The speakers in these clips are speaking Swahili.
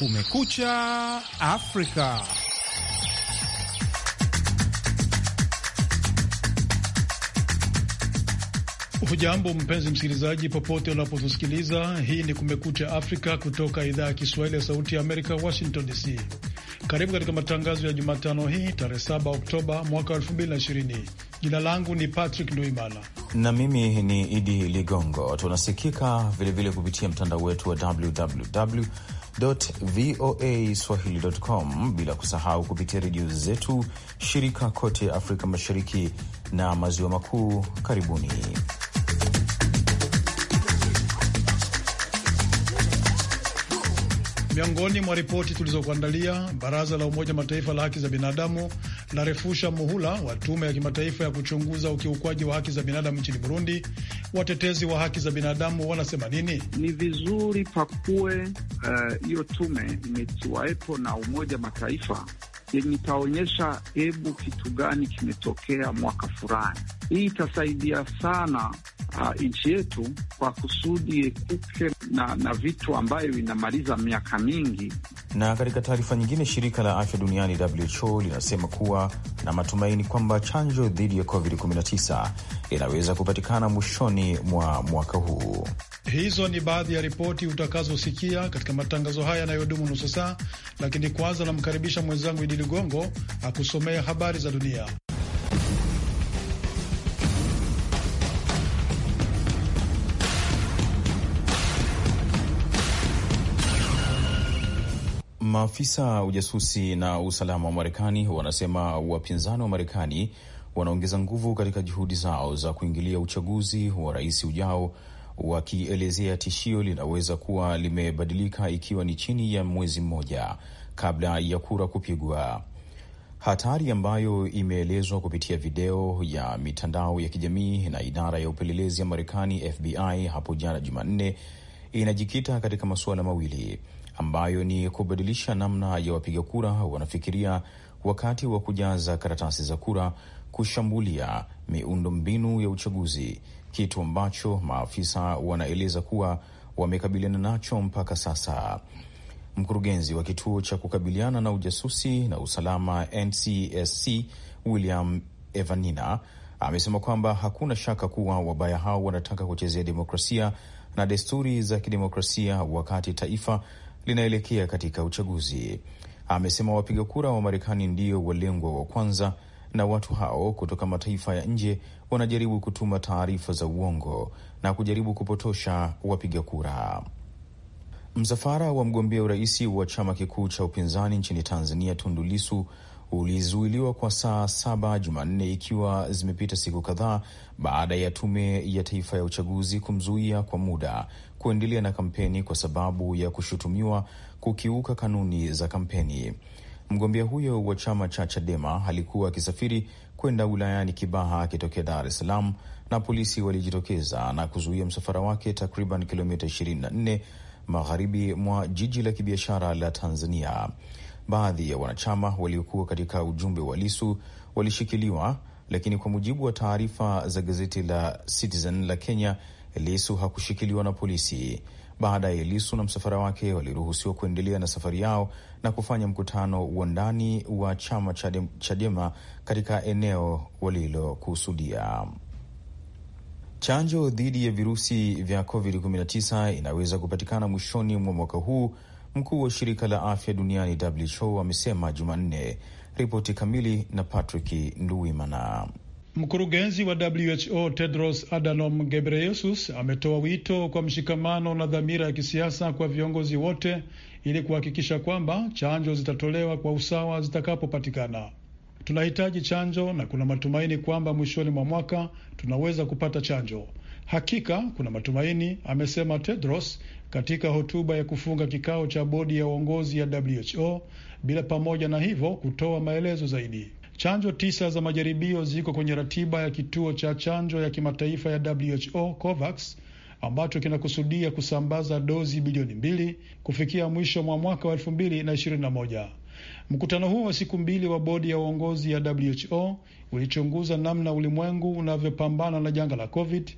Kumekucha Afrika. Hujambo mpenzi msikilizaji, popote unapotusikiliza. Hii ni Kumekucha Afrika kutoka idhaa ya Kiswahili ya Sauti ya Amerika, Washington DC. Karibu katika matangazo ya Jumatano hii tarehe 7 Oktoba mwaka 2020. Jina langu ni Patrick Nduimana na mimi ni Idi Ligongo. Tunasikika vilevile kupitia mtandao wetu wa www voaswahili.com, bila kusahau kupitia redio zetu shirika kote Afrika Mashariki na Maziwa Makuu. Karibuni. Miongoni mwa ripoti tulizokuandalia, baraza la Umoja Mataifa la haki za binadamu la refusha muhula wa tume ya kimataifa ya kuchunguza ukiukwaji wa haki za binadamu nchini Burundi. Watetezi wa haki za binadamu wanasema nini? Ni vizuri pakuwe eh, hiyo uh, tume imetiwaepo na Umoja Mataifa yenye itaonyesha hebu kitu gani kimetokea mwaka fulani. Hii itasaidia sana uh, nchi yetu kwa kusudi ekuke na, na vitu ambayo inamaliza miaka mingi. Na katika taarifa nyingine, shirika la afya duniani WHO linasema kuwa na matumaini kwamba chanjo dhidi ya COVID-19 inaweza kupatikana mwishoni mwa mwaka huu. Hizo ni baadhi ya ripoti utakazosikia katika matangazo haya yanayodumu nusu saa, lakini kwanza namkaribisha mwenzangu Idi Ligongo akusomea habari za dunia. Maafisa ujasusi na usalama wa Marekani wanasema wapinzani wa Marekani wanaongeza nguvu katika juhudi zao za kuingilia uchaguzi wa rais ujao, wakielezea tishio linaweza kuwa limebadilika ikiwa ni chini ya mwezi mmoja kabla ya kura kupigwa. Hatari ambayo imeelezwa kupitia video ya mitandao ya kijamii na idara ya upelelezi ya Marekani FBI hapo jana Jumanne inajikita katika masuala mawili ambayo ni kubadilisha namna ya wapiga kura wanafikiria wakati wa kujaza karatasi za kura, kushambulia miundo mbinu ya uchaguzi, kitu ambacho maafisa wanaeleza kuwa wamekabiliana nacho mpaka sasa. Mkurugenzi wa kituo cha kukabiliana na ujasusi na usalama NCSC William Evanina amesema kwamba hakuna shaka kuwa wabaya hao wanataka kuchezea demokrasia na desturi za kidemokrasia wakati taifa linaelekea katika uchaguzi. Amesema wapiga kura wa Marekani ndio walengwa wa kwanza, na watu hao kutoka mataifa ya nje wanajaribu kutuma taarifa za uongo na kujaribu kupotosha wapiga kura. Msafara wa mgombea urais wa chama kikuu cha upinzani nchini Tanzania, Tundu ulizuiliwa kwa saa saba Jumanne, ikiwa zimepita siku kadhaa baada ya Tume ya Taifa ya Uchaguzi kumzuia kwa muda kuendelea na kampeni kwa sababu ya kushutumiwa kukiuka kanuni za kampeni. Mgombea huyo wa chama cha Chadema alikuwa akisafiri kwenda wilayani Kibaha akitokea Dar es Salaam, na polisi walijitokeza na kuzuia msafara wake takriban kilomita 24 magharibi mwa jiji la kibiashara la Tanzania. Baadhi ya wanachama waliokuwa katika ujumbe wa Lisu walishikiliwa, lakini kwa mujibu wa taarifa za gazeti la Citizen la Kenya Lisu hakushikiliwa na polisi. Baadaye Lisu na msafara wake waliruhusiwa kuendelea na safari yao na kufanya mkutano wa ndani wa chama cha Chadema katika eneo walilokusudia. Chanjo dhidi ya virusi vya COVID-19 inaweza kupatikana mwishoni mwa mwaka huu, mkuu wa shirika la afya duniani WHO amesema Jumanne. Ripoti kamili na Patrick Nduwimana. Mkurugenzi wa WHO Tedros Adhanom Ghebreyesus ametoa wito kwa mshikamano na dhamira ya kisiasa kwa viongozi wote ili kuhakikisha kwamba chanjo zitatolewa kwa usawa zitakapopatikana. Tunahitaji chanjo na kuna matumaini kwamba mwishoni mwa mwaka tunaweza kupata chanjo. Hakika kuna matumaini, amesema Tedros katika hotuba ya kufunga kikao cha bodi ya uongozi ya WHO bila pamoja na hivyo kutoa maelezo zaidi. Chanjo tisa za majaribio ziko kwenye ratiba ya kituo cha chanjo ya kimataifa ya WHO COVAX ambacho kinakusudia kusambaza dozi bilioni mbili kufikia mwisho mwa mwaka wa elfu mbili na ishirini na moja. Mkutano huo wa siku mbili wa bodi ya uongozi ya WHO ulichunguza namna ulimwengu unavyopambana na janga la COVID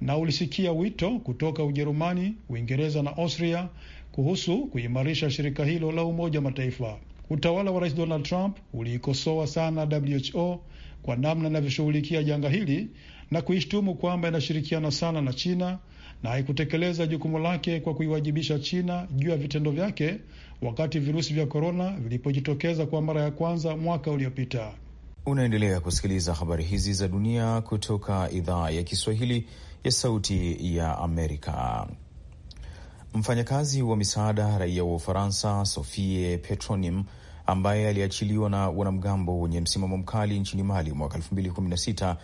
na ulisikia wito kutoka Ujerumani, Uingereza na Austria kuhusu kuimarisha shirika hilo la Umoja Mataifa. Utawala wa Rais Donald Trump uliikosoa sana WHO kwa namna inavyoshughulikia janga hili na kuishtumu kwamba inashirikiana sana na China na haikutekeleza jukumu lake kwa kuiwajibisha China juu ya vitendo vyake wakati virusi vya korona vilipojitokeza kwa mara ya kwanza mwaka uliopita. Unaendelea kusikiliza habari hizi za dunia kutoka idhaa ya Kiswahili ya Sauti ya Amerika. Mfanyakazi wa misaada raia wa Ufaransa Sofie Petronim ambaye aliachiliwa na wanamgambo wenye msimamo mkali nchini Mali mwaka 2016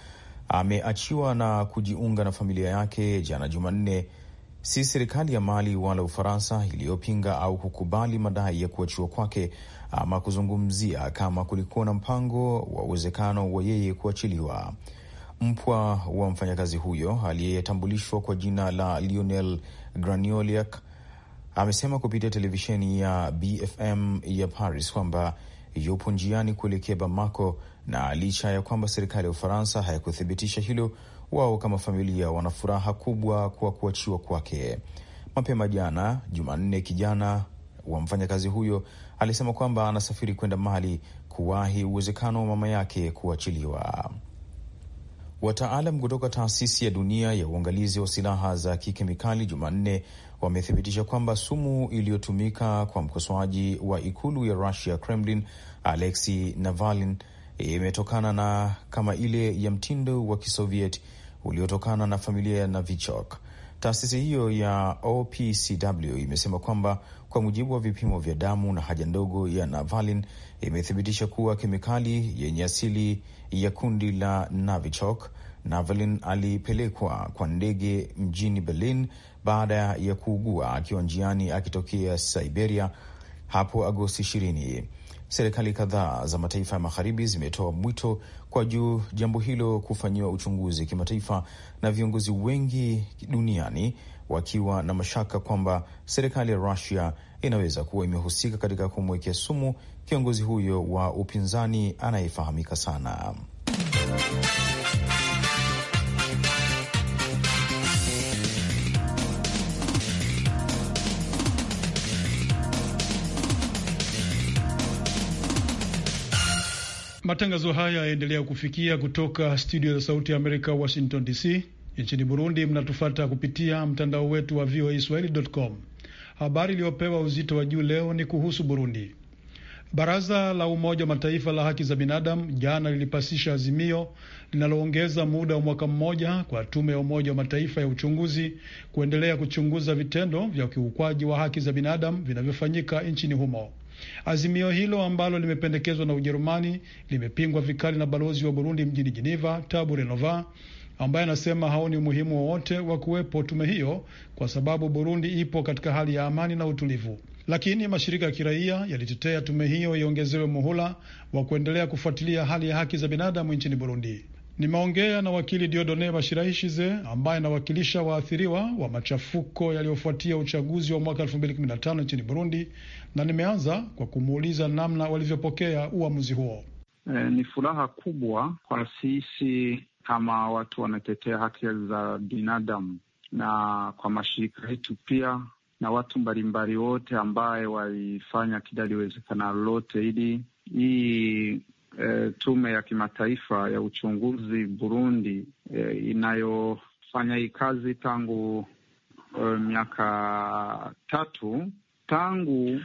ameachiwa na kujiunga na familia yake jana Jumanne. Si serikali ya Mali wala Ufaransa iliyopinga au kukubali madai ya kuachiwa kwake ama kuzungumzia kama kulikuwa na mpango wa uwezekano wa yeye kuachiliwa. Mpwa wa mfanyakazi huyo aliyetambulishwa kwa jina la Lionel Granioliak amesema kupitia televisheni ya BFM ya Paris kwamba yupo njiani kuelekea Bamako, na licha ya kwamba serikali ya Ufaransa hayakuthibitisha hilo, wao kama familia wana furaha kubwa kwa kuachiwa kwake. Mapema jana Jumanne, kijana wa mfanyakazi huyo alisema kwamba anasafiri kwenda Mali kuwahi uwezekano wa mama yake kuachiliwa. Wataalam kutoka taasisi ya dunia ya uangalizi wa silaha za kikemikali Jumanne wamethibitisha kwamba sumu iliyotumika kwa mkosoaji wa ikulu ya Russia Kremlin Alexei Navalny imetokana na kama ile ya mtindo wa Kisoviet uliotokana na familia ya navichok Taasisi hiyo ya OPCW imesema kwamba kwa mujibu wa vipimo vya damu na haja ndogo ya navalin imethibitisha kuwa kemikali yenye asili ya kundi la navichok navalin alipelekwa kwa ndege mjini Berlin baada ya kuugua akiwa njiani akitokea Siberia hapo Agosti 20. Serikali kadhaa za mataifa ya magharibi zimetoa mwito kwa juu jambo hilo kufanyiwa uchunguzi kimataifa, na viongozi wengi duniani wakiwa na mashaka kwamba serikali ya Rusia inaweza kuwa imehusika katika kumwekea sumu kiongozi huyo wa upinzani anayefahamika sana Matangazo haya yaendelea kufikia kutoka studio za Sauti ya Amerika, Washington DC. Nchini Burundi mnatufata kupitia mtandao wetu wa VOA Swahili.com. Habari iliyopewa uzito wa juu leo ni kuhusu Burundi. Baraza la Umoja wa Mataifa la haki za binadamu jana lilipasisha azimio linaloongeza muda wa mwaka mmoja kwa tume ya Umoja wa Mataifa ya uchunguzi kuendelea kuchunguza vitendo vya ukiukwaji wa haki za binadamu vinavyofanyika nchini humo. Azimio hilo ambalo limependekezwa na Ujerumani limepingwa vikali na balozi wa Burundi mjini Geneva, Tabu Renova, ambaye anasema haoni umuhimu wowote wa kuwepo tume hiyo kwa sababu Burundi ipo katika hali ya amani na utulivu. Lakini mashirika ya kiraia yalitetea tume hiyo iongezewe muhula wa kuendelea kufuatilia hali ya haki za binadamu nchini Burundi. Nimeongea na wakili Diodone Bashirahishize ambaye anawakilisha waathiriwa wa machafuko yaliyofuatia uchaguzi wa mwaka 2015 nchini Burundi, na nimeanza kwa kumuuliza namna walivyopokea uamuzi huo. E, ni furaha kubwa kwa sisi kama watu wanatetea haki za binadamu na kwa mashirika yetu pia na watu mbalimbali wote ambaye walifanya kidali wezekana lolote ili hii e, tume ya kimataifa ya uchunguzi Burundi e, inayofanya hii kazi tangu e, miaka tatu tangu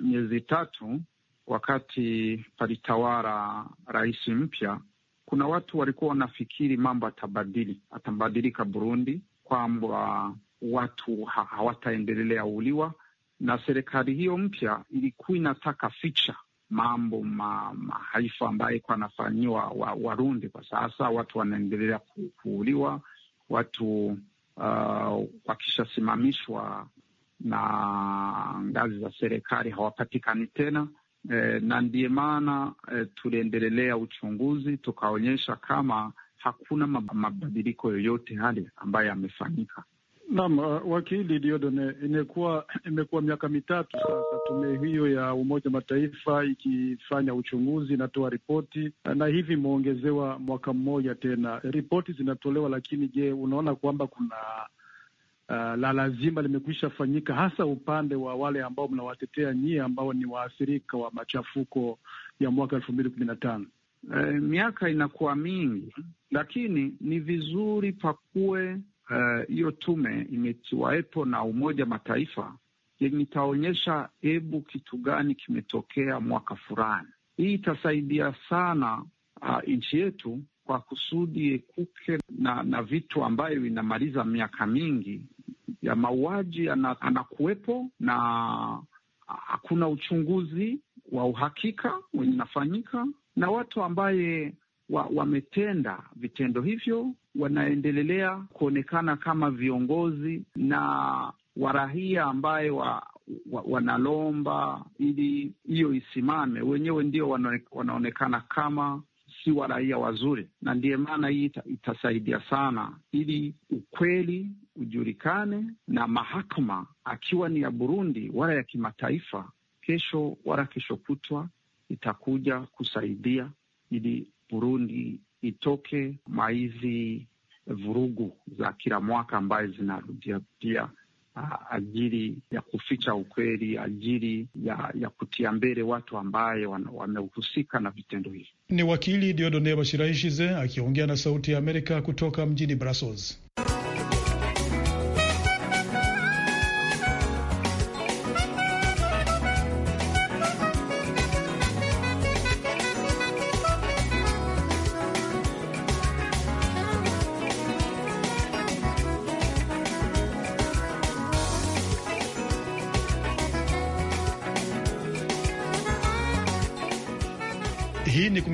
miezi tatu wakati palitawara rais mpya, kuna watu walikuwa wanafikiri mambo atabadili atabadilika Burundi, kwamba watu hawataendelea uliwa, na serikali hiyo mpya ilikuwa inataka ficha mambo ma, mahaifa ambayo iko anafanyiwa Warundi wa kwa sasa. Watu wanaendelea kuuliwa, watu uh, wakishasimamishwa na ngazi za serikali hawapatikani tena. E, na ndiye maana e, tuliendelelea uchunguzi tukaonyesha kama hakuna mabadiliko yoyote hali ambayo yamefanyika. Naam, uh, wakili Diodone, imekuwa imekuwa miaka mitatu sasa tume hiyo ya Umoja Mataifa ikifanya uchunguzi, inatoa ripoti uh, na hivi imeongezewa mwaka mmoja tena. Ripoti zinatolewa, lakini je, unaona kwamba kuna uh, la lazima limekwisha fanyika, hasa upande wa wale ambao mnawatetea nyie ambao ni waathirika wa machafuko ya mwaka elfu mbili kumi na tano? Uh, miaka inakuwa mingi, lakini ni vizuri pakuwe Eh, hiyo uh, tume imetiwaepo na Umoja Mataifa yenye itaonyesha hebu kitu gani kimetokea mwaka fulani. Hii itasaidia sana uh, nchi yetu kwa kusudi ekuke na, na vitu ambayo inamaliza miaka mingi ya mauaji anakuwepo na hakuna uchunguzi wa uhakika wenye inafanyika na watu ambaye wametenda vitendo hivyo, wanaendelea kuonekana kama viongozi na warahia ambaye wa, wa, wanalomba ili hiyo isimame. Wenyewe ndio wanaonekana kama si waraia wazuri, na ndiye maana hii ita, itasaidia sana ili ukweli ujulikane na mahakama, akiwa ni ya Burundi wala ya kimataifa, kesho wala kesho kutwa itakuja kusaidia ili Burundi itoke maizi vurugu za kila mwaka ambayo pia ajili ya kuficha ukweli, ajili ya, ya kutia mbele watu ambaye wamehusika na vitendo hivi. Ni wakili Diodone Bashirahishize akiongea na Sauti ya Amerika kutoka mjini Brussels.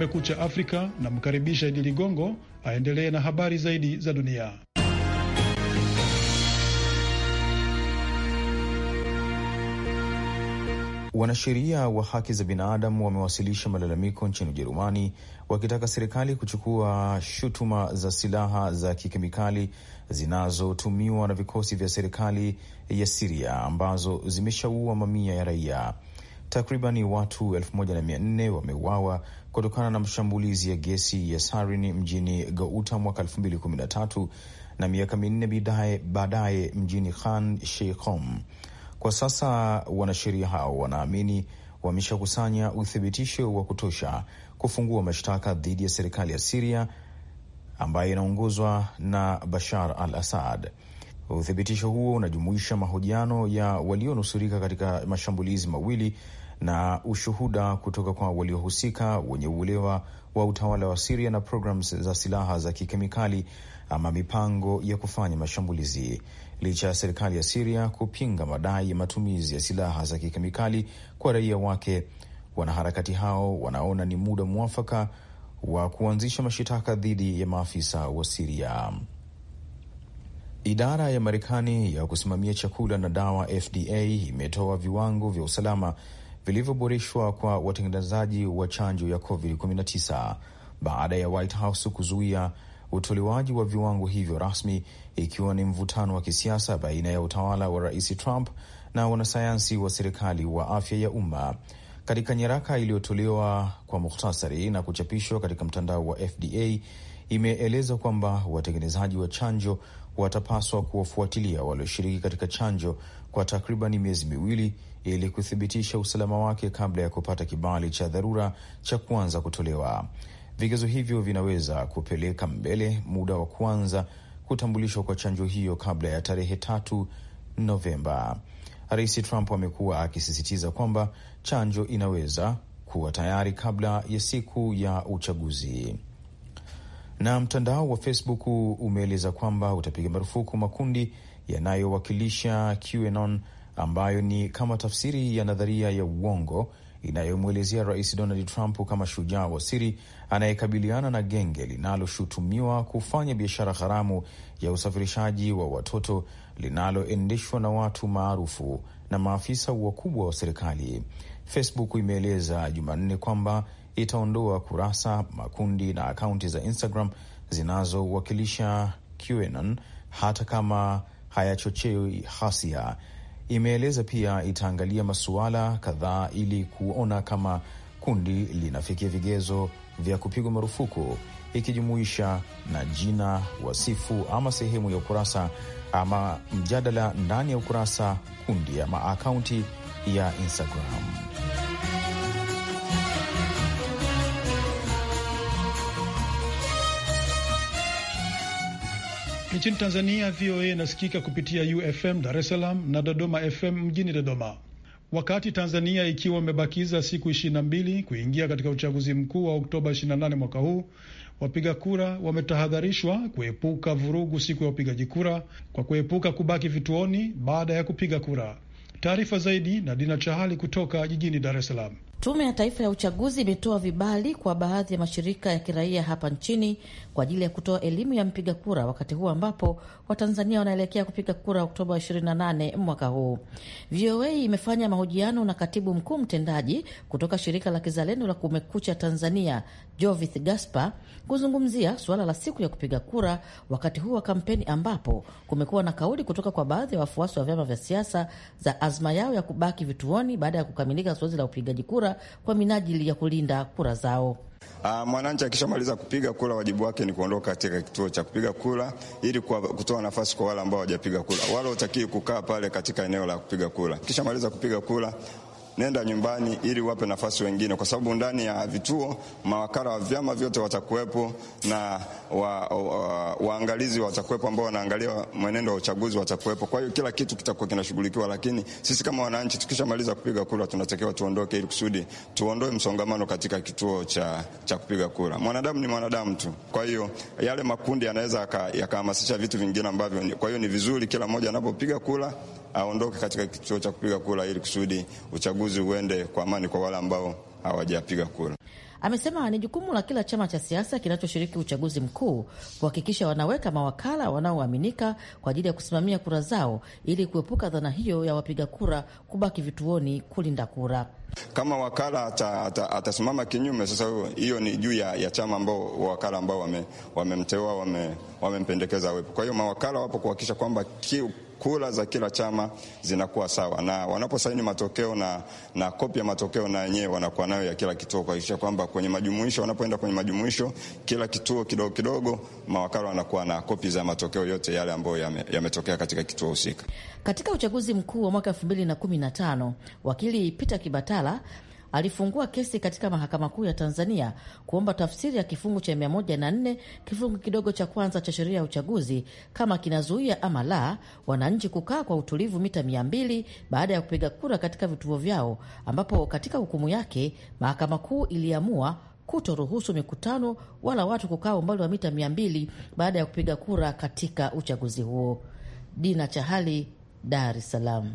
Kumekucha Afrika, namkaribisha Idi Ligongo aendelee na habari zaidi za dunia. Wanasheria wa haki za binadamu wamewasilisha malalamiko nchini Ujerumani wakitaka serikali kuchukua shutuma za silaha za kikemikali zinazotumiwa na vikosi vya serikali ya Siria ambazo zimeshaua mamia ya raia. Takribani watu elfu moja na wameuawa kutokana na mashambulizi ya gesi ya sarin mjini Gouta mwaka elfu mbili kumi na na miaka minne baadaye mjini Khan Sheikhom. Kwa sasa wanasheria hao wanaamini wameshakusanya uthibitisho wa kutosha kufungua mashtaka dhidi ya serikali ya Siria ambayo inaongozwa na Bashar al Assad. Uthibitisho huo unajumuisha mahojiano ya walionusurika katika mashambulizi mawili na ushuhuda kutoka kwa waliohusika wenye uelewa wa utawala wa Siria na programu za silaha za kikemikali ama mipango ya kufanya mashambulizi. Licha ya serikali ya Siria kupinga madai ya matumizi ya silaha za kikemikali kwa raia wake, wanaharakati hao wanaona ni muda mwafaka wa kuanzisha mashitaka dhidi ya maafisa wa Siria. Idara ya Marekani ya kusimamia chakula na dawa FDA imetoa viwango vya usalama vilivyoboreshwa kwa watengenezaji wa chanjo ya COVID-19 baada ya White House kuzuia utolewaji wa viwango hivyo rasmi, ikiwa ni mvutano wa kisiasa baina ya utawala wa Rais Trump na wanasayansi wa serikali wa afya ya umma. Katika nyaraka iliyotolewa kwa muhtasari na kuchapishwa katika mtandao wa FDA imeeleza kwamba watengenezaji wa chanjo watapaswa kuwafuatilia walioshiriki katika chanjo kwa takribani miezi miwili ili kuthibitisha usalama wake kabla ya kupata kibali cha dharura cha kuanza kutolewa. Vigezo hivyo vinaweza kupeleka mbele muda wa kuanza kutambulishwa kwa chanjo hiyo kabla ya tarehe tatu Novemba. Rais Trump amekuwa akisisitiza kwamba chanjo inaweza kuwa tayari kabla ya siku ya uchaguzi. Na mtandao wa Facebook umeeleza kwamba utapiga marufuku makundi yanayowakilisha QAnon ambayo ni kama tafsiri ya nadharia ya uongo inayomwelezea Rais Donald Trump kama shujaa wa siri anayekabiliana na genge linaloshutumiwa kufanya biashara haramu ya usafirishaji wa watoto linaloendeshwa na watu maarufu na maafisa wakubwa wa serikali. Facebook imeeleza Jumanne kwamba itaondoa kurasa, makundi na akaunti za Instagram zinazowakilisha QAnon hata kama hayachochei hasia imeeleza pia itaangalia masuala kadhaa ili kuona kama kundi linafikia vigezo vya kupigwa marufuku ikijumuisha na jina, wasifu ama sehemu ya ukurasa ama mjadala ndani ya ukurasa, kundi ama akaunti ya Instagram. Nchini Tanzania, VOA inasikika kupitia UFM Dar es Salaam na Dodoma FM mjini Dodoma. Wakati Tanzania ikiwa imebakiza siku 22 mbili kuingia katika uchaguzi mkuu wa Oktoba 28 mwaka huu, wapiga kura wametahadharishwa kuepuka vurugu siku ya upigaji kura kwa kuepuka kubaki vituoni baada ya kupiga kura. Taarifa zaidi na Dina Chahali kutoka jijini Dar es Salaam. Tume ya Taifa ya Uchaguzi imetoa vibali kwa baadhi ya mashirika ya kiraia hapa nchini kwa ajili ya kutoa elimu ya mpiga kura, wakati huu ambapo Watanzania wanaelekea kupiga kura Oktoba 28 mwaka huu. VOA imefanya mahojiano na katibu mkuu mtendaji kutoka shirika la kizalendo la Kumekucha Tanzania, Jovith Gaspar kuzungumzia suala la siku ya kupiga kura wakati huu wa kampeni, ambapo kumekuwa na kauli kutoka kwa baadhi ya wafuasi wa vyama vya siasa za azma yao ya kubaki vituoni baada ya kukamilika zoezi la upigaji kura kwa minajili ya kulinda kura zao. Uh, mwananchi akishamaliza kupiga kura, wajibu wake ni kuondoka katika kituo cha kupiga kura ili kutoa nafasi kwa wale ambao hawajapiga kura. Wale utakii kukaa pale katika eneo la kupiga kura. Kishamaliza kupiga kura, nenda nyumbani, ili wape nafasi wengine, kwa sababu ndani ya vituo mawakala wa vyama vyote watakuwepo na wa, wa, waangalizi watakuwepo ambao wanaangalia mwenendo wa uchaguzi watakuwepo. Kwa hiyo kila kitu kitakuwa kinashughulikiwa, lakini sisi kama wananchi tukishamaliza kupiga kura tunatakiwa tuondoke, ili kusudi tuondoe msongamano katika kituo cha, cha kupiga kura. Mwanadamu ni mwanadamu tu, kwa hiyo yale makundi yanaweza yakahamasisha vitu vingine ambavyo, kwa hiyo ni vizuri kila mmoja anapopiga kura aondoke katika kituo cha kupiga kura ili kusudi uchaguzi uende kwa amani kwa wale ambao hawajapiga kura. Amesema ni jukumu la kila chama cha siasa kinachoshiriki uchaguzi mkuu kuhakikisha wanaweka mawakala wanaoaminika kwa ajili ya kusimamia kura zao ili kuepuka dhana hiyo ya wapiga kura kubaki vituoni kulinda kura. Kama wakala atasimama ata, ata kinyume, sasa hiyo ni juu ya, ya chama ambao wakala ambao wamemteua wame wamempendekeza wame wepo. Kwa hiyo mawakala wapo kuhakikisha kwamba kura za kila chama zinakuwa sawa, na wanaposaini matokeo na, na kopi ya matokeo na yenyewe wanakuwa nayo ya kila kituo, kuhakikisha kwamba kwenye majumuisho, wanapoenda kwenye majumuisho, kila kituo kidogo kidogo, mawakala wanakuwa na kopi za matokeo yote yale ambayo yametokea yame katika kituo husika. Katika uchaguzi mkuu wa mwaka 2015 wakili Peter Kibatala alifungua kesi katika mahakama kuu ya Tanzania kuomba tafsiri ya kifungu cha 104 kifungu kidogo cha kwanza cha sheria ya uchaguzi kama kinazuia ama la wananchi kukaa kwa utulivu mita 200 baada ya kupiga kura katika vituo vyao, ambapo katika hukumu yake mahakama kuu iliamua kutoruhusu mikutano wala watu kukaa umbali wa mita 200 baada ya kupiga kura katika uchaguzi huo. Dina Chahali, Dar es Salaam.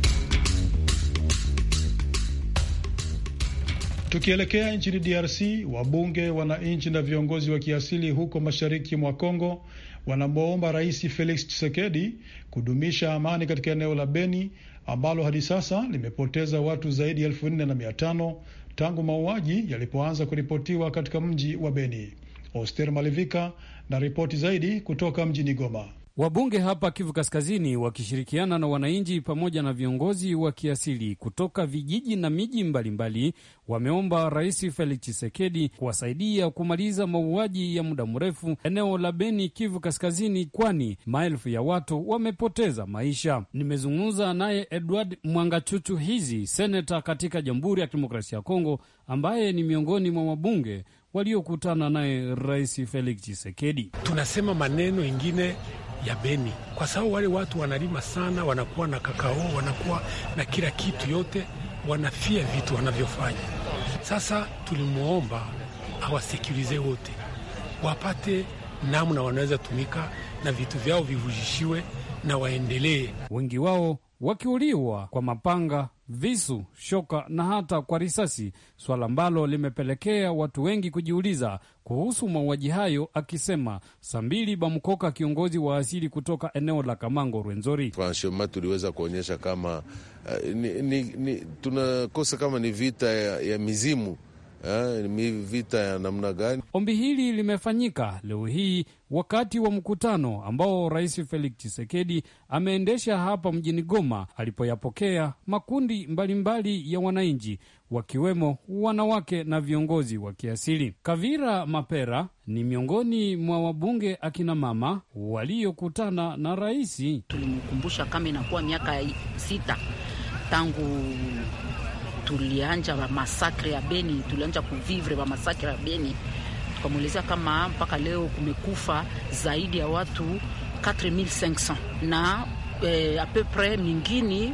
Tukielekea nchini DRC, wabunge, wananchi na viongozi wa kiasili huko mashariki mwa Kongo wanamwomba Rais Felix Tshisekedi kudumisha amani katika eneo la Beni ambalo hadi sasa limepoteza watu zaidi ya elfu nne na mia tano tangu mauaji yalipoanza kuripotiwa katika mji wa Beni. Oster Malivika na ripoti zaidi kutoka mjini Goma. Wabunge hapa Kivu Kaskazini wakishirikiana na wananchi pamoja na viongozi wa kiasili kutoka vijiji na miji mbalimbali wameomba Rais Felix Tshisekedi kuwasaidia kumaliza mauaji ya muda mrefu eneo la Beni, Kivu Kaskazini, kwani maelfu ya watu wamepoteza maisha. Nimezungumza naye Edward Mwangachuchu hizi seneta katika Jamhuri ya Kidemokrasia ya Kongo, ambaye ni miongoni mwa wabunge waliokutana naye Rais Felix Tshisekedi. Tunasema maneno ingine ya Beni, kwa sababu wale watu wanalima sana, wanakuwa na kakao, wanakuwa na kila kitu yote, wanafia vitu wanavyofanya. Sasa tulimwomba awasekurize wote, wapate namna wanaweza tumika na vitu vyao vivujishiwe na waendelee, wengi wao wakiuliwa kwa mapanga visu, shoka na hata kwa risasi, suala ambalo limepelekea watu wengi kujiuliza kuhusu mauaji hayo, akisema Sambili bamkoka kiongozi wa asili kutoka eneo la Kamango Rwenzori. Franchema, tuliweza kuonyesha kama uh, ni, ni, ni, tunakosa kama ni vita ya, ya mizimu Eh, ni vita ya namna gani? Ombi hili limefanyika leo hii wakati wa mkutano ambao Rais Felix Tshisekedi ameendesha hapa mjini Goma, alipoyapokea makundi mbalimbali mbali ya wananchi, wakiwemo wanawake na viongozi wa kiasili. Kavira Mapera ni miongoni mwa wabunge akina mama waliokutana na raisi Tulimkumbusha kama inakuwa miaka sita tangu tulianja masakre ya Beni, tulianja kuvivre wa masakre ya Beni, tukamwelezea kama mpaka leo kumekufa zaidi ya watu 4500 na eh, apepre mingini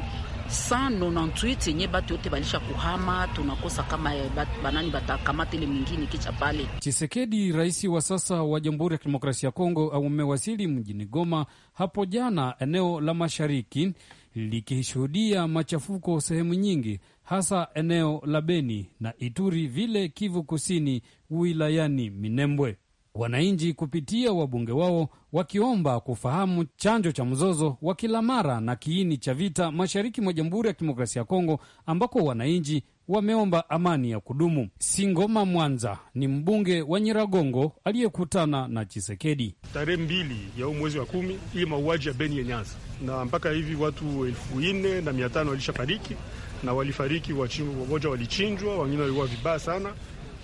198 nye batu yote balisha kuhama. Tunakosa kama eh, bat, banani batakamata ile mwingine kicha pale. Chisekedi, rais wa sasa wa Jamhuri ya Kidemokrasia ya Kongo, amewasili mjini Goma hapo jana, eneo la mashariki likishuhudia machafuko sehemu nyingi, hasa eneo la Beni na Ituri, vile Kivu Kusini wilayani Minembwe, wananchi kupitia wabunge wao wakiomba kufahamu chanjo cha mzozo wa kila mara na kiini cha vita mashariki mwa Jamhuri ya Kidemokrasia ya Kongo, ambako wananchi wameomba amani ya kudumu. Singoma Mwanza ni mbunge wa Nyiragongo aliyekutana na Chisekedi tarehe mbili ya huu mwezi wa kumi ili mauaji ya Beni Yenyanza, na mpaka hivi watu elfu nne na mia tano walishafariki na walifariki wamoja, walichinjwa, wengine walikuwa vibaya sana,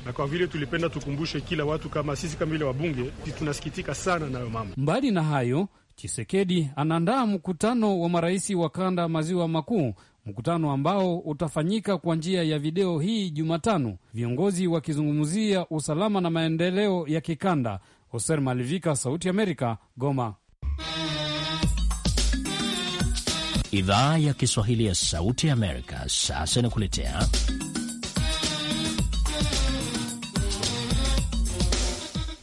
na kwa vile tulipenda tukumbushe kila watu kama sisi kama vile wabunge tunasikitika sana nayo mama. Mbali na hayo Chisekedi anaandaa mkutano wa marais wa kanda maziwa makuu mkutano ambao utafanyika kwa njia ya video hii Jumatano, viongozi wakizungumzia usalama na maendeleo ya kikanda. Hoser Malivika, Sauti Amerika, Goma. Idhaa ya Kiswahili ya Sauti Amerika sasa inakuletea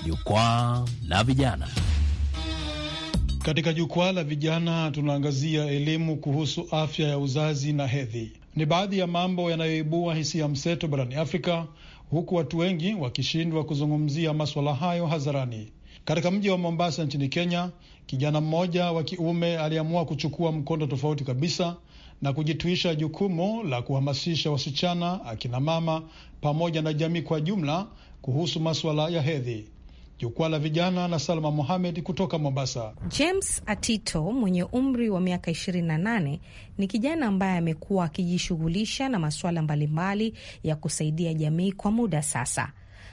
jukwaa la vijana. Katika jukwaa la vijana tunaangazia elimu kuhusu afya ya uzazi na hedhi. Ni baadhi ya mambo yanayoibua hisia ya mseto barani Afrika, huku watu wengi wakishindwa kuzungumzia maswala hayo hadharani. Katika mji wa Mombasa nchini Kenya, kijana mmoja wa kiume aliamua kuchukua mkondo tofauti kabisa na kujituisha jukumu la kuhamasisha wasichana, akina mama pamoja na jamii kwa jumla kuhusu maswala ya hedhi. Jukwaa la vijana na Salma Mohamed kutoka Mombasa. James Atito mwenye umri wa miaka 28 ni kijana ambaye amekuwa akijishughulisha na masuala mbalimbali ya kusaidia jamii kwa muda sasa.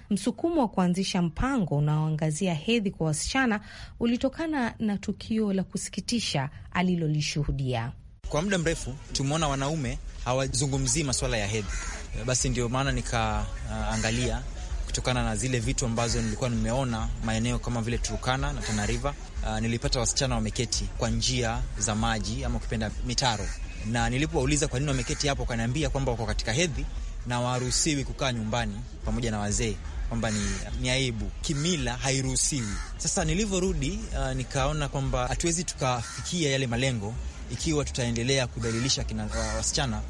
Msukumo wa kuanzisha mpango unaoangazia hedhi kwa wasichana ulitokana na tukio la kusikitisha alilolishuhudia. Kwa muda mrefu tumeona wanaume hawazungumzii masuala ya hedhi, basi ndio maana nikaangalia uh, kutokana na zile vitu ambazo nilikuwa nimeona maeneo kama vile Turukana na Tana River. Uh, nilipata wasichana wameketi kwa njia za maji ama ukipenda mitaro, na nilipowauliza kwa nini wameketi hapo, wakaniambia kwamba wako katika hedhi na waruhusiwi kukaa nyumbani pamoja na wazee kwamba ni, ni aibu kimila, hairuhusiwi. Sasa nilivyorudi, uh, nikaona kwamba hatuwezi tukafikia yale malengo ikiwa tutaendelea kudhalilisha kina, uh, wasichana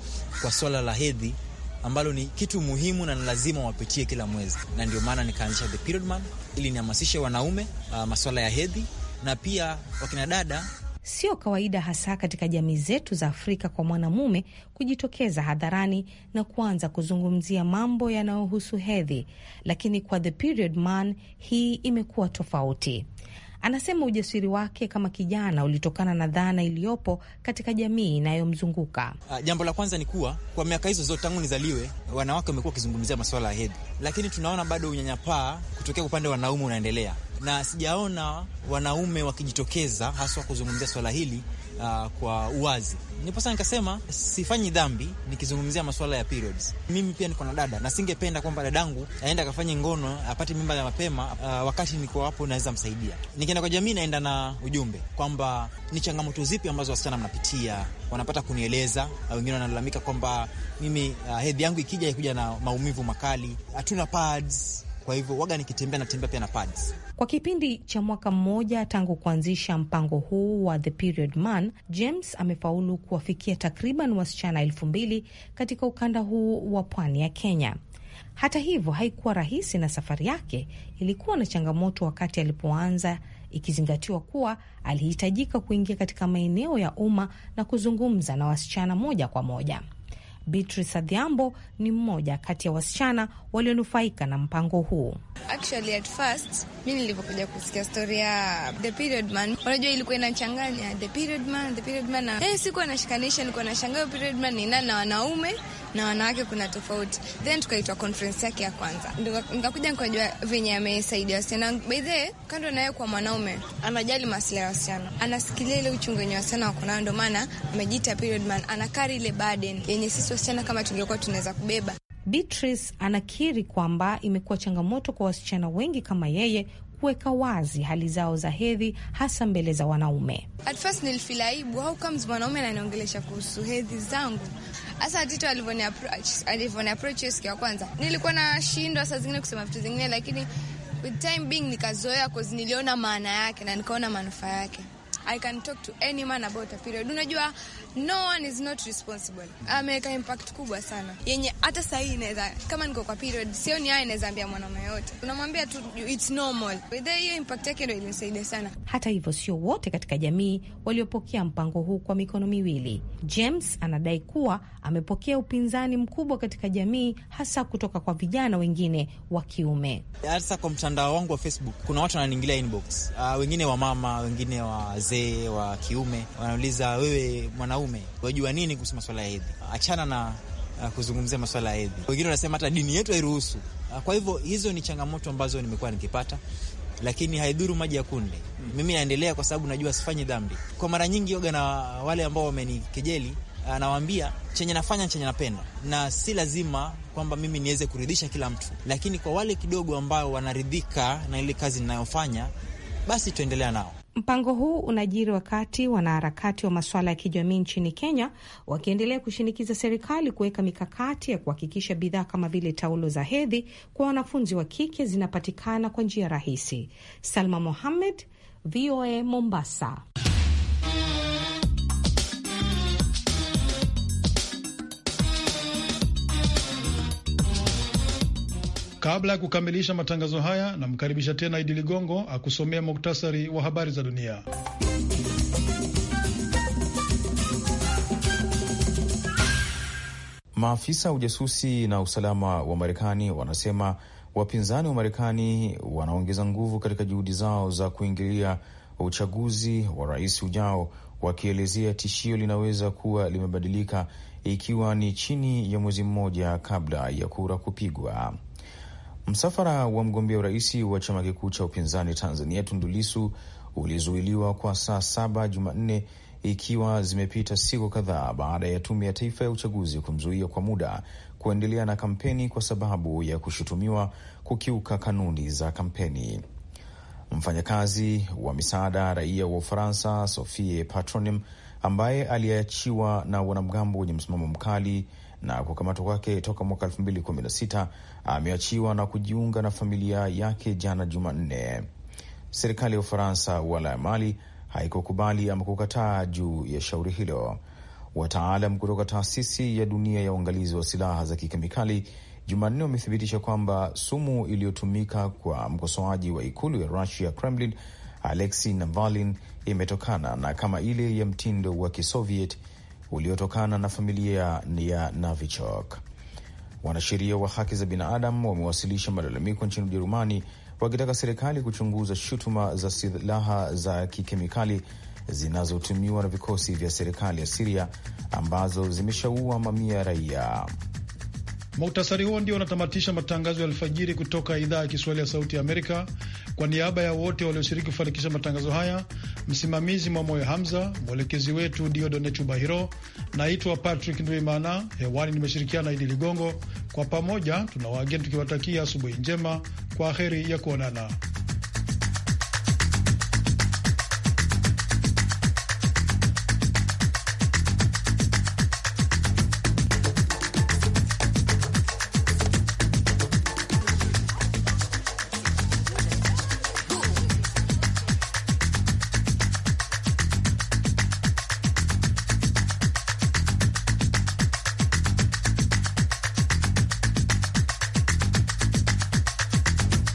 kwa swala la hedhi ambalo ni kitu muhimu na lazima wapitie kila mwezi, na ndio maana nikaanzisha The Period Man ili nihamasishe wanaume uh, masuala ya hedhi na pia wakina dada. Sio kawaida hasa katika jamii zetu za Afrika kwa mwanamume kujitokeza hadharani na kuanza kuzungumzia mambo yanayohusu hedhi, lakini kwa The Period Man hii imekuwa tofauti. Anasema ujasiri wake kama kijana ulitokana na dhana iliyopo katika jamii inayomzunguka. Uh, jambo la kwanza ni kuwa kwa miaka hizo zote tangu nizaliwe, wanawake wamekuwa wakizungumzia masuala ya hedhi, lakini tunaona bado unyanyapaa kutokea upande wa wanaume unaendelea, na sijaona wanaume wakijitokeza haswa kuzungumzia swala hili uh, kwa uwazi. Niposa nikasema sifanyi dhambi nikizungumzia masuala ya periods. Mimi pia niko na dada na singependa kwamba dadangu aende akafanye ngono apate mimba ya mapema uh, wakati niko hapo naweza msaidia. Nikienda kwa jamii naenda na ujumbe kwamba ni changamoto zipi ambazo wasichana mnapitia, wanapata kunieleza. Wengine wanalalamika kwamba mimi uh, hedhi yangu ikija ikuja na maumivu makali, hatuna pads kwa hivyo waga nikitembea natembea pia na pads. Kwa kipindi cha mwaka mmoja tangu kuanzisha mpango huu wa The Period Man, James amefaulu kuwafikia takriban wasichana elfu mbili katika ukanda huu wa pwani ya Kenya. Hata hivyo haikuwa rahisi, na safari yake ilikuwa na changamoto wakati alipoanza, ikizingatiwa kuwa alihitajika kuingia katika maeneo ya umma na kuzungumza na wasichana moja kwa moja. Beatrice Adhiambo ni mmoja kati ya wasichana walionufaika na mpango huu. Actually, at first mi nilivyokuja kusikia stori ya the period man, unajua ilikuwa inachanganya the period man, the period man na eh, sikuwa nashikanisha, nilikuwa nashangaa period man ni nani na wanaume na wanawake kuna tofauti, then tukaitwa conference yake ya kwanza, nikakuja nikajua venye amesaidia wasichana. By the way, kando naye kwa mwanaume anajali maslahi ya wasichana, anasikilia ile uchungu wenye wasichana wako nayo, ndio maana amejiita period man, anakari ile burden yenye sisi wasichana kama tungekuwa tunaweza kubeba. Beatrice anakiri kwamba imekuwa changamoto kwa wasichana wengi kama yeye kuweka wazi hali zao za hedhi hasa mbele za wanaume. At first nilifeel aibu, how comes mwanaume ananiongelesha kuhusu hedhi zangu? Hasa Tito alivyoni approach, alivyoni approach hiyo siku ya kwanza nilikuwa na shindwa saa zingine kusema vitu zingine, lakini with time being nikazoea, cause niliona maana yake na nikaona manufaa yake. I can talk to any man about a period. Unajua no one is not responsible. Ameweka impact kubwa sana yenye hata saa inaweza, kama niko kwa period, sioni haya inaweza ambia mwanaume yote, unamwambia tu it's normal. Hiyo impact yake ndo ilimsaidia sana. Hata hivyo, sio wote katika jamii waliopokea mpango huu kwa mikono miwili. James anadai kuwa amepokea upinzani mkubwa katika jamii, hasa kutoka kwa vijana wengine wa kiume. Hasa kwa mtandao wangu wa Facebook kuna watu wananiingilia inbox, uh, wengine wa mama, wengine wazee wa kiume wanauliza, wewe mwana wanaume wajua nini kuhusu maswala ya hedhi, achana na uh, kuzungumzia maswala ya hedhi. Wengine wanasema hata dini yetu hairuhusu. Uh, kwa hivyo hizo ni changamoto ambazo nimekuwa nikipata, lakini haidhuru maji ya kunde, hmm. mimi naendelea kwa sababu najua sifanyi dhambi. Kwa mara nyingi oga na wale ambao wamenikejeli anawambia uh, chenye nafanya chenye napenda, na si lazima kwamba mimi niweze kuridhisha kila mtu, lakini kwa wale kidogo ambao wanaridhika na ile kazi ninayofanya, basi tuendelea nao. Mpango huu unajiri wakati wanaharakati wa masuala ya kijamii nchini Kenya wakiendelea kushinikiza serikali kuweka mikakati ya kuhakikisha bidhaa kama vile taulo za hedhi kwa wanafunzi wa kike zinapatikana kwa njia rahisi. Salma Mohammed, VOA Mombasa. Kabla ya kukamilisha matangazo haya, namkaribisha tena Idi Ligongo akusomea muktasari wa habari za dunia. Maafisa ujasusi na usalama wa Marekani wanasema wapinzani wa Marekani wanaongeza nguvu katika juhudi zao za kuingilia uchaguzi wa rais ujao, wakielezea tishio linaweza kuwa limebadilika, ikiwa ni chini ya mwezi mmoja kabla ya kura kupigwa. Msafara wa mgombea urais wa chama kikuu cha upinzani Tanzania, Tundu Lissu, ulizuiliwa kwa saa saba Jumanne, ikiwa zimepita siku kadhaa baada ya Tume ya Taifa ya Uchaguzi kumzuia kwa muda kuendelea na kampeni kwa sababu ya kushutumiwa kukiuka kanuni za kampeni. Mfanyakazi wa misaada raia wa Ufaransa Sophie Patronem, ambaye aliachiwa na wanamgambo wenye msimamo mkali na kukamatwa kwake toka mwaka elfu mbili kumi na sita ameachiwa na kujiunga na familia yake jana Jumanne. Serikali ya Ufaransa wala ya Mali haikukubali ama kukataa juu ya shauri hilo. Wataalam kutoka taasisi ya dunia ya uangalizi wa silaha za kikemikali Jumanne wamethibitisha kwamba sumu iliyotumika kwa mkosoaji wa ikulu ya Rusia, Kremlin, Alexei Navalny imetokana na kama ile ya mtindo wa Kisoviet uliotokana na familia ya navichok Wanasheria wa haki za binadamu wamewasilisha malalamiko nchini Ujerumani wakitaka serikali kuchunguza shutuma za silaha za kikemikali zinazotumiwa na vikosi vya serikali ya Siria ambazo zimeshaua mamia ya raia. Muktasari huo ndio unatamatisha matangazo ya alfajiri kutoka idhaa ya Kiswahili ya Sauti ya Amerika. Kwa niaba ya wote walioshiriki kufanikisha matangazo haya, msimamizi Mwamoyo Hamza, mwelekezi wetu Diodone Chubahiro. Naitwa Patrick Ndwimana, hewani nimeshirikiana Idi Ligongo. Kwa pamoja tuna wageni tukiwatakia asubuhi njema, kwa heri ya kuonana.